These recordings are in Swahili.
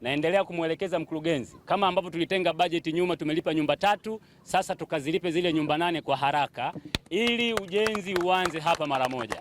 naendelea kumwelekeza mkurugenzi, kama ambavyo tulitenga bajeti nyuma, tumelipa nyumba tatu, sasa tukazilipe zile nyumba nane kwa haraka, ili ujenzi uanze hapa mara moja.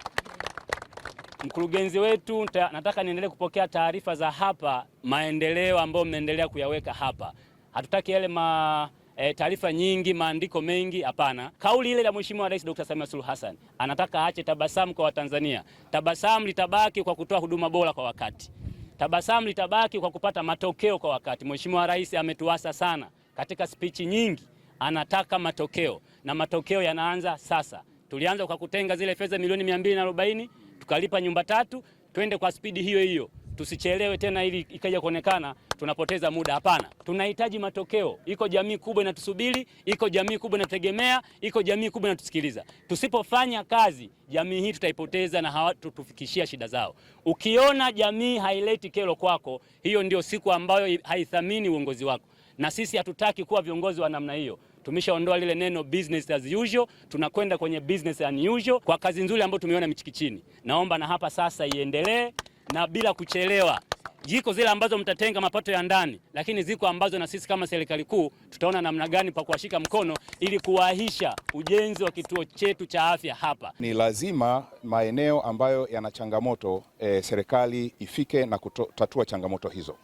Mkurugenzi wetu, nataka niendelee kupokea taarifa za hapa maendeleo ambayo mnaendelea kuyaweka hapa. Hatutaki yale ma e, taarifa nyingi, maandiko mengi, hapana. Kauli ile ya Mheshimiwa Rais Dr. Samia Suluhu Hassan anataka aache tabasamu kwa Watanzania. Tabasamu litabaki kwa kutoa huduma bora kwa wakati tabasamu litabaki kwa kupata matokeo kwa wakati. Mheshimiwa Rais ametuasa sana katika spichi nyingi, anataka matokeo na matokeo yanaanza sasa. Tulianza kwa kutenga zile fedha milioni 240 tukalipa nyumba tatu, twende kwa spidi hiyo hiyo tusichelewe tena ili ikaja kuonekana tunapoteza muda. Hapana, tunahitaji matokeo. Iko jamii kubwa inatusubiri, iko jamii kubwa inategemea, iko jamii kubwa inatusikiliza. Tusipofanya kazi, jamii hii tutaipoteza na hawatutufikishia shida zao. Ukiona jamii haileti kero kwako, hiyo ndio siku ambayo haithamini uongozi wako, na sisi hatutaki kuwa viongozi wa namna hiyo. Tumeshaondoa lile neno business as usual, tunakwenda kwenye business unusual kwa kazi nzuri ambayo tumeona Michikichini. Naomba na hapa sasa iendelee na bila kuchelewa. Jiko zile ambazo mtatenga mapato ya ndani, lakini ziko ambazo na sisi kama serikali kuu tutaona namna gani pa kuwashika mkono ili kuwahisha ujenzi wa kituo chetu cha afya hapa. Ni lazima maeneo ambayo yana changamoto e, serikali ifike na kutatua changamoto hizo.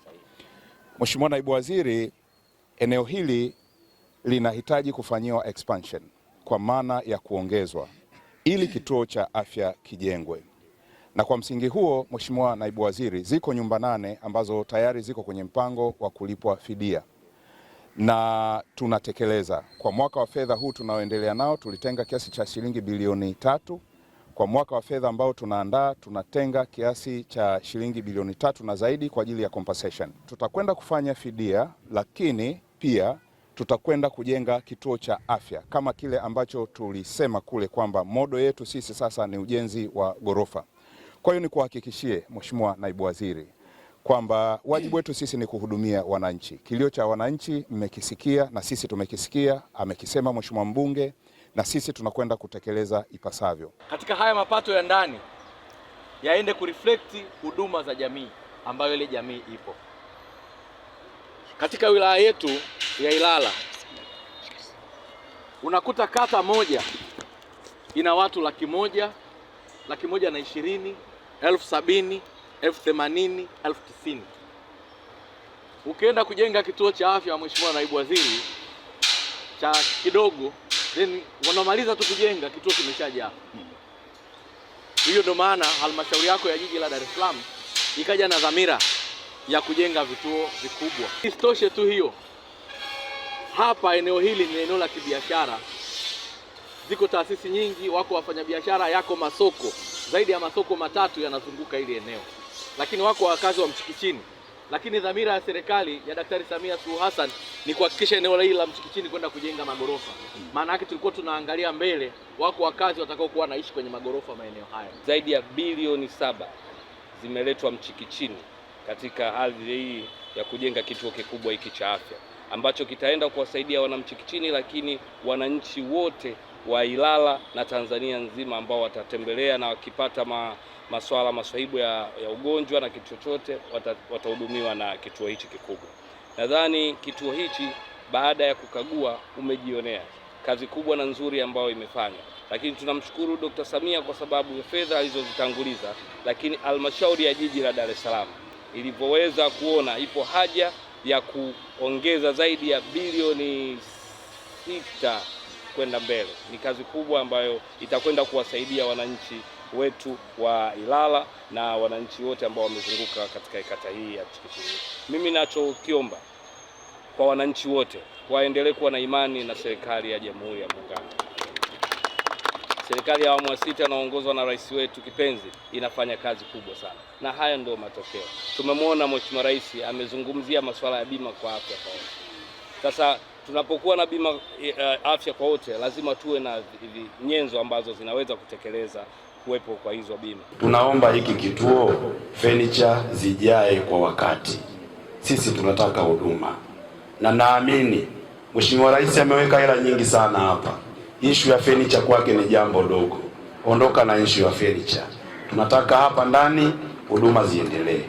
Mheshimiwa Naibu Waziri, eneo hili linahitaji kufanyiwa expansion kwa maana ya kuongezwa ili kituo cha afya kijengwe. Na kwa msingi huo, Mheshimiwa Naibu Waziri, ziko nyumba nane ambazo tayari ziko kwenye mpango wa kulipwa fidia na tunatekeleza kwa mwaka wa fedha huu tunaoendelea nao, tulitenga kiasi cha shilingi bilioni tatu. Kwa mwaka wa fedha ambao tunaandaa tunatenga kiasi cha shilingi bilioni tatu na zaidi kwa ajili ya compensation. Tutakwenda kufanya fidia, lakini pia tutakwenda kujenga kituo cha afya kama kile ambacho tulisema kule kwamba modo yetu sisi sasa ni ujenzi wa ghorofa. Kwa hiyo nikuhakikishie Mheshimiwa Naibu Waziri kwamba wajibu wetu sisi ni kuhudumia wananchi. Kilio cha wananchi mmekisikia na sisi tumekisikia, amekisema Mheshimiwa mbunge na sisi tunakwenda kutekeleza ipasavyo. Katika haya mapato ya ndani yaende kuriflekti huduma za jamii ambayo ile jamii ipo. Katika wilaya yetu ya Ilala unakuta kata moja ina watu laki moja laki moja na ishirini elfu sabini elfu themanini elfu tisini Ukienda kujenga kituo cha afya, Mheshimiwa Naibu Waziri, cha kidogo, then wanamaliza tu kujenga kituo kimeshaja Hiyo ndio maana halmashauri yako ya jiji la Dar es Salaam ikaja na dhamira ya kujenga vituo vikubwa. Isitoshe tu hiyo, hapa eneo hili ni eneo la kibiashara, ziko taasisi nyingi, wako wafanyabiashara, yako masoko zaidi ya masoko matatu yanazunguka hili eneo, lakini wako wakazi wa Mchikichini. Lakini dhamira ya serikali ya Daktari Samia Suluhu Hassan ni kuhakikisha eneo hili la Mchikichini kwenda kujenga magorofa. Maana yake tulikuwa tunaangalia mbele, wako wakazi watakaokuwa wanaishi kwenye magorofa maeneo haya. Zaidi ya bilioni saba zimeletwa Mchikichini katika ardhi hii ya kujenga kituo kikubwa hiki cha afya ambacho kitaenda kuwasaidia wanamchikichini, lakini wananchi wote wa Ilala na Tanzania nzima ambao watatembelea na wakipata ma, maswala maswahibu ya, ya ugonjwa na kitu chochote watahudumiwa na kituo hichi kikubwa. Nadhani kituo hichi baada ya kukagua umejionea kazi kubwa na nzuri ambayo imefanya lakini tunamshukuru Dkt. Samia kwa sababu ya fedha alizozitanguliza, lakini halmashauri ya jiji la Dar es Salaam ilivyoweza kuona ipo haja ya kuongeza zaidi ya bilioni sita kwenda mbele. Ni kazi kubwa ambayo itakwenda kuwasaidia wananchi wetu wa Ilala na wananchi wote ambao wamezunguka katika kata hii ya Chikichiri. Mimi nachokiomba kwa wananchi wote waendelee kuwa na imani na serikali ya Jamhuri ya Muungano. Serikali ya awamu ya sita inaongozwa na rais wetu kipenzi inafanya kazi kubwa sana, na haya ndio matokeo. Tumemwona Mheshimiwa Rais amezungumzia masuala ya bima kwa afya kwa wote. Sasa tunapokuwa na bima eh, afya kwa wote, lazima tuwe na nyenzo ambazo zinaweza kutekeleza kuwepo kwa hizo bima. Tunaomba hiki kituo furniture zijae kwa wakati, sisi tunataka huduma, na naamini Mheshimiwa Rais ameweka hela nyingi sana hapa. Ishu ya furniture kwake ni jambo dogo, ondoka na ishu ya furniture. Tunataka hapa ndani huduma ziendelee.